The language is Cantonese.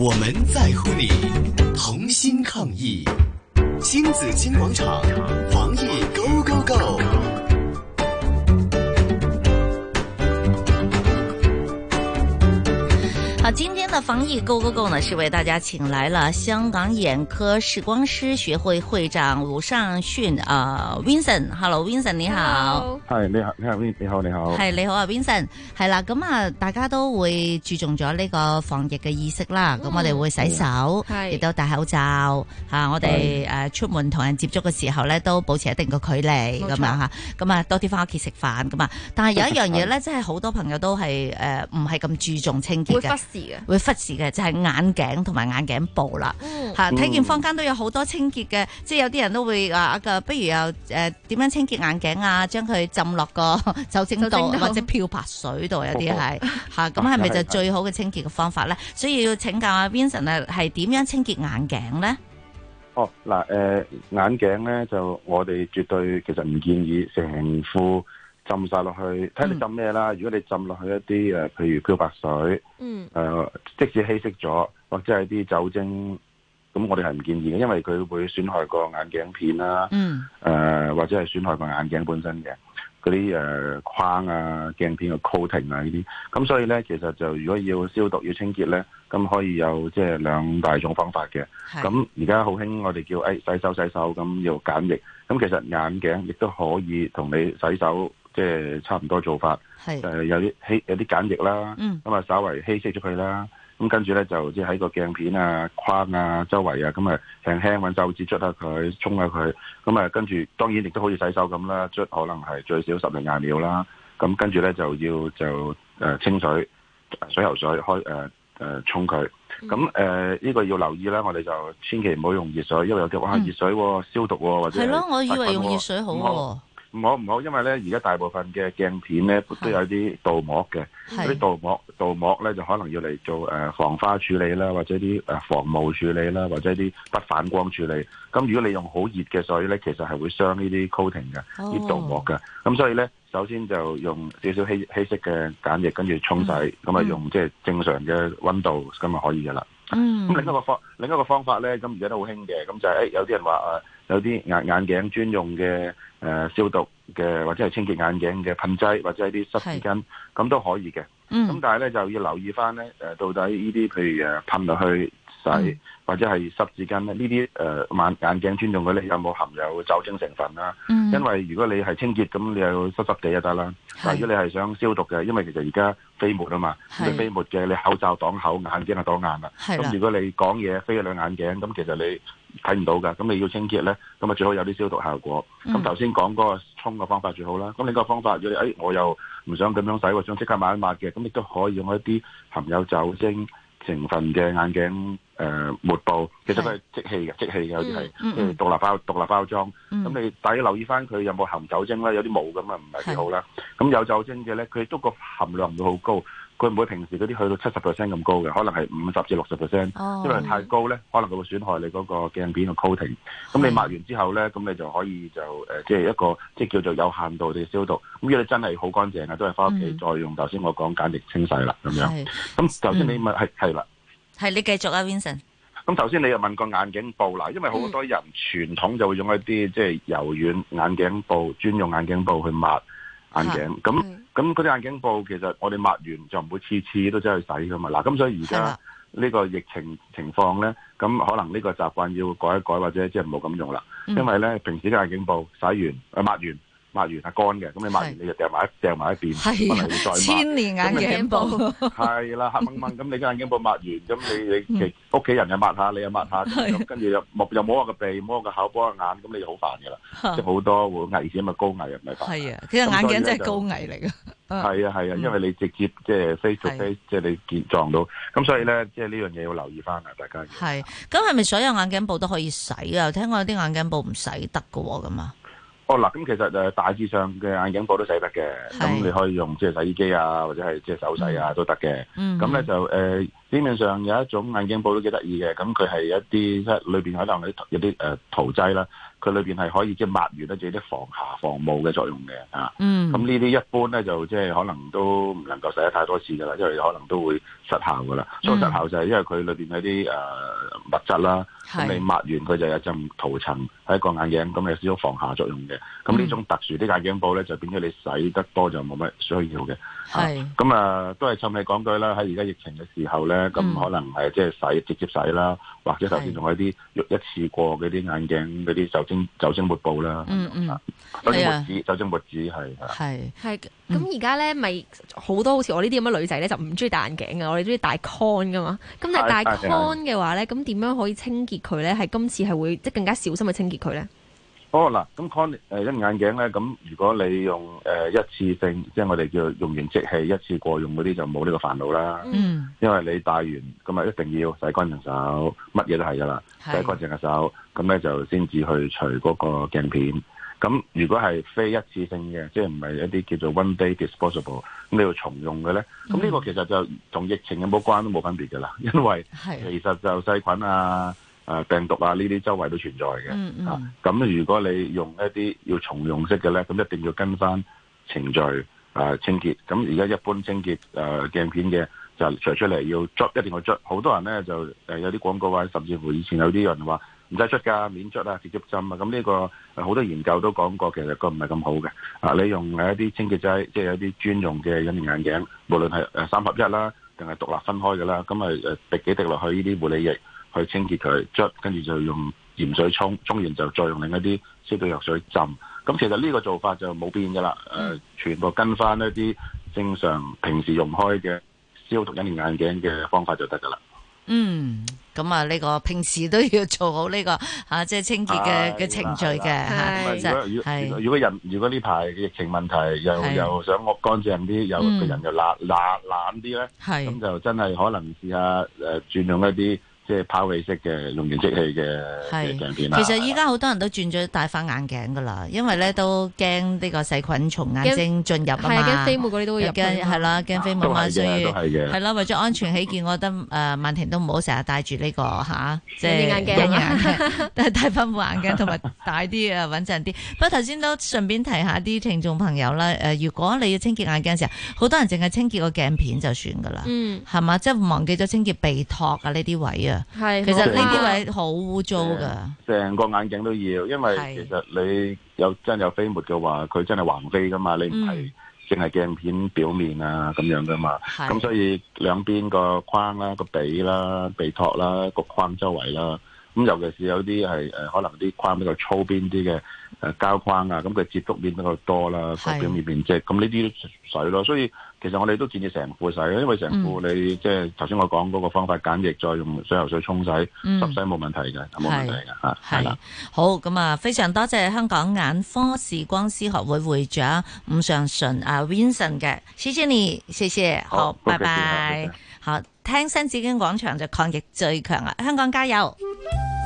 我們在乎你，同心抗疫，新紫金廣場，防疫 go go go。今天的防疫 Go Go Go 呢，是為大家請來了香港眼科視光師學會會長伍尚舜啊、uh,，Vincent，Hello，Vincent 你好，係你好，你好你好你好，係你好啊 Vincent，係啦咁啊，大家都會注重咗呢個防疫嘅意識啦，咁、嗯、我哋會洗手，亦都戴口罩，吓、啊、我哋誒出門同人接觸嘅時候呢，都保持一定嘅距離咁啊吓，咁、嗯、啊多啲返屋企食飯咁啊，但係有一樣嘢呢，真係好多朋友都係誒唔係咁注重清潔嘅。會忽視嘅就係、是、眼鏡同埋眼鏡布啦、吓、嗯、睇見坊間都有好多清潔嘅、嗯，即係有啲人都會啊，個，不如又誒點、呃、樣清潔眼鏡啊？將佢浸落個酒精度，酒精度或者漂白水度，有啲係吓，咁係咪就是最好嘅清潔嘅方法咧？所以要請教阿 Vincent 啊，係點樣清潔眼鏡咧？哦、嗱、呃、誒，眼鏡咧就我哋絕對其實唔建議成副。浸晒落去，睇你浸咩啦、嗯。如果你浸落去一啲誒、呃，譬如漂白水，誒、嗯呃，即使稀釋咗，或者係啲酒精，咁我哋係唔建議嘅，因為佢會損害個眼鏡片啦、啊，誒、嗯呃，或者係損害個眼鏡本身嘅嗰啲誒框啊、鏡片嘅 coating 啊呢啲。咁所以咧，其實就如果要消毒、要清潔咧，咁可以有即係兩大種方法嘅。咁而家好興我哋叫誒洗，洗手、洗手咁要簡易。咁其實眼鏡亦都可以同你洗手。即係差唔多做法，就係、呃、有啲稀有啲梘液啦，咁、嗯、啊、嗯、稍微稀釋咗佢啦，咁跟住咧就即係喺個鏡片啊框啊周圍啊，咁啊輕輕揾手指捽下佢，沖下佢，咁、嗯、啊跟住當然亦都好似洗手咁啦，捽可能係最少十零廿秒啦，咁跟住咧就要就誒清水水喉水開誒誒、呃、沖佢，咁誒呢個要留意啦，我哋就千祈唔好用熱水，因為有啲話熱水、哦、消毒喎、哦，或者係咯、哦，我以為用熱水好、哦嗯嗯唔好唔好，因為咧而家大部分嘅鏡片咧都有啲鍍膜嘅，嗰啲鍍膜鍍膜咧就可能要嚟做誒、呃、防花處理啦，或者啲誒防霧處理啦，或者啲不反光處理。咁如果你用好熱嘅水咧其實係會傷呢啲 coating 嘅，啲、哦、鍍膜嘅。咁所以咧，首先就用少少稀稀釋嘅梘液，跟住沖洗，咁、嗯、啊用即係正常嘅溫度，咁啊可以噶啦。咁另一個方另一個方法咧，咁而家都好興嘅，咁就係、是、誒、哎、有啲人話誒。有啲眼眼鏡專用嘅誒消毒嘅，或者係清潔眼鏡嘅噴劑，或者係啲濕紙巾，咁都可以嘅。咁、嗯、但係咧就要留意翻咧，誒到底呢啲譬如誒噴落去。嗯、或者係濕紙巾咧，呢啲誒眼眼鏡專用嘅咧，有冇含有酒精成分啦、啊嗯？因為如果你係清潔，咁你又濕濕地就得啦。但如果你係想消毒嘅，因為其實而家飛沫啊嘛，你飛沫嘅你口罩擋口，眼鏡就擋眼啦。咁如果你講嘢飛咗兩眼鏡，咁其實你睇唔到㗎。咁你要清潔咧，咁啊最好有啲消毒效果。咁頭先講嗰個沖嘅方法最好啦。咁另一個方法，如、哎、果你我又唔想咁樣洗喎想即刻抹一抹嘅，咁亦都可以用一啲含有酒精。成分嘅眼鏡誒，抹、呃、布，其實都係即棄嘅，嗯，即棄嘅好似係即係獨立包、嗯、獨立包裝。咁，嗯、你大家留意翻佢有冇含酒精啦，有啲冇咁啊，唔係幾好啦。咁有酒精嘅咧，佢都個含量唔會好高。佢唔會平時嗰啲去到七十 percent 咁高嘅，可能係五十至六十 percent，因為太高咧，可能佢會損害你嗰個鏡片嘅 coating。咁你抹完之後咧，咁你就可以就誒、呃，即係一個即係叫做有限度嘅消毒。咁如果你真係好乾淨啊，都係返屋企再用、嗯、頭先我講簡直清洗啦咁樣。咁頭先你問係係啦，係、嗯、你繼續啊 Vincent。咁頭先你又問個眼鏡布啦，因為好多人傳統就會用一啲、嗯、即係柔軟眼鏡布、專用眼鏡布去抹。眼鏡咁咁嗰啲眼鏡布，其實我哋抹完就唔會次次都走去洗噶嘛。嗱，咁所以而家呢個疫情情況咧，咁可能呢個習慣要改一改，或者即係唔好咁用啦。因為咧平時嘅眼鏡布洗完誒抹完。抹完係乾嘅，咁你抹完你就掟埋一掟埋一邊，可能再抹。千年眼鏡布係啦，黑掹掹咁，你個眼鏡布抹完，咁你你屋企人又抹下，你又抹下，跟住，又又摸下個鼻，摸個口，摸個眼，咁你好煩噶啦，即係好多會危險，咪高危，唔係。係啊，其實眼鏡真係高危嚟噶。係啊係啊，因為你直接即係 face to face，即係你見撞到，咁所以咧，即係呢樣嘢要留意翻啊，大家。係，咁係咪所有眼鏡布都可以洗啊？聽講有啲眼鏡布唔洗得噶咁啊？哦，嗱，咁其實大致上嘅眼鏡布都洗得嘅，咁你可以用即係洗衣機啊，或者係即係手洗啊都得嘅。咁、嗯、咧就誒，市、呃、面上有一種眼鏡布都幾得意嘅，咁佢係一啲即係裏面可能有啲有啲誒塗劑啦，佢裏面係可以即係抹完咧自己啲防瑕防霧嘅作用嘅，咁呢啲一般咧就即係可能都唔能夠洗得太多次噶啦，因、就、為、是、可能都會失效噶啦，以、嗯、失效就係因為佢裏面有啲誒、呃、物質啦，咁你抹完佢就有浸塗層。喺個眼鏡咁係少防下作用嘅，咁呢種特殊啲眼鏡布咧就變咗你洗得多就冇乜需要嘅。係，咁啊都係尋日講句啦，喺而家疫情嘅時候咧，咁可能係即係洗直接洗啦，或者頭先仲有啲一,一次過嗰啲眼鏡嗰啲酒精酒精抹布啦。嗯嗯。酒精紙、啊，酒精抹紙係。係係。咁而家咧，咪好多好似我呢啲咁嘅女仔咧，就唔中意戴眼鏡嘅，我哋中意戴 con 嘅嘛。咁但係戴 con 嘅話咧，咁點樣可以清潔佢咧？係今次係會即係更加小心去清潔佢咧？哦嗱，咁 con 誒一副眼鏡咧，咁如果你用誒、呃、一次性，即係我哋叫用完即棄一次過用嗰啲，就冇呢個煩惱啦。嗯，因為你戴完咁啊，一定要洗乾淨手，乜嘢都係噶啦，洗乾淨手，咁咧就先至去除嗰個鏡片。咁如果係非一次性嘅，即係唔係一啲叫做 one day disposable，咁你要重用嘅咧，咁呢個其實就同疫情有冇關都冇分別嘅啦，因為其實就細菌啊、誒病毒啊呢啲周圍都存在嘅。啊，咁如果你用一啲要重用式嘅咧，咁一定要跟翻程序誒清潔。咁而家一般清潔誒鏡片嘅就除出嚟要捽，一定要捽。好多人咧就誒有啲廣告啊，甚至乎以前有啲人話，唔使出噶，免捽啊，直接浸啊！咁呢個好多研究都講過，其實個唔係咁好嘅。啊，你用一啲清潔劑，即係一啲專用嘅隱形眼鏡，無論係三合一啦，定係獨立分開嘅啦，咁咪滴幾滴落去呢啲護理液去清潔佢捽，跟住就用鹽水沖，沖完就再用另一啲消毒藥水浸。咁其實呢個做法就冇變嘅啦，誒、呃，全部跟翻一啲正常平時用開嘅消毒隱形眼鏡嘅方法就得噶啦。嗯。咁啊、這個，呢個平時都要做好呢、這個啊，即、就、係、是、清潔嘅嘅程序嘅。係如，如，如果人如果呢排疫情問題又又想屋乾淨啲，又個人又懶懶懶啲咧，咁就真係可能試下誒，轉用一啲。即係拋棄式嘅、用完即棄嘅鏡片，其實依家好多人都轉咗戴翻眼鏡噶啦，因為咧都驚呢個細菌從眼睛進入啊嘛。係驚飛沫嗰啲都會驚。係啦，驚飛沫啊怕都是，所以係啦，為咗安全起見，我覺得誒曼婷都唔好成日戴住呢、這個嚇，即、啊、係、就是啊啊、眼鏡，但 係戴翻副眼鏡，同埋 大啲啊，穩陣啲。不過頭先都順便提一下啲聽眾朋友啦。誒、呃，如果你要清潔眼鏡嘅時候，好多人淨係清潔個鏡片就算噶啦，係、嗯、嘛？即係、就是、忘記咗清潔鼻托啊呢啲位啊。係、啊，其實呢啲位好污糟噶，成個眼鏡都要，因為其實你有真有飛沫嘅話，佢真係橫飛噶嘛，你唔係淨係鏡片表面啊咁樣噶嘛，咁所以兩邊個框啦、個鼻啦、鼻托啦、個框周圍啦。咁、嗯、尤其是有啲係誒，可能啲框比較粗邊啲嘅誒膠框啊，咁佢接觸面比較多啦，表面面積，咁呢啲都水咯。所以其實我哋都建議成副洗，因為成副你即係頭先我講嗰個方法簡易，再用水喉水沖洗，濕洗冇問題嘅，冇問題嘅嚇。係啦，好咁啊，非常多謝香港眼科視光師學會會長伍尚舜啊 Vincent 嘅，謝謝你，謝謝，好，好拜拜，謝謝好拜，拜謝謝，好，聽新紫荊廣場就抗疫最強啊，香港加油！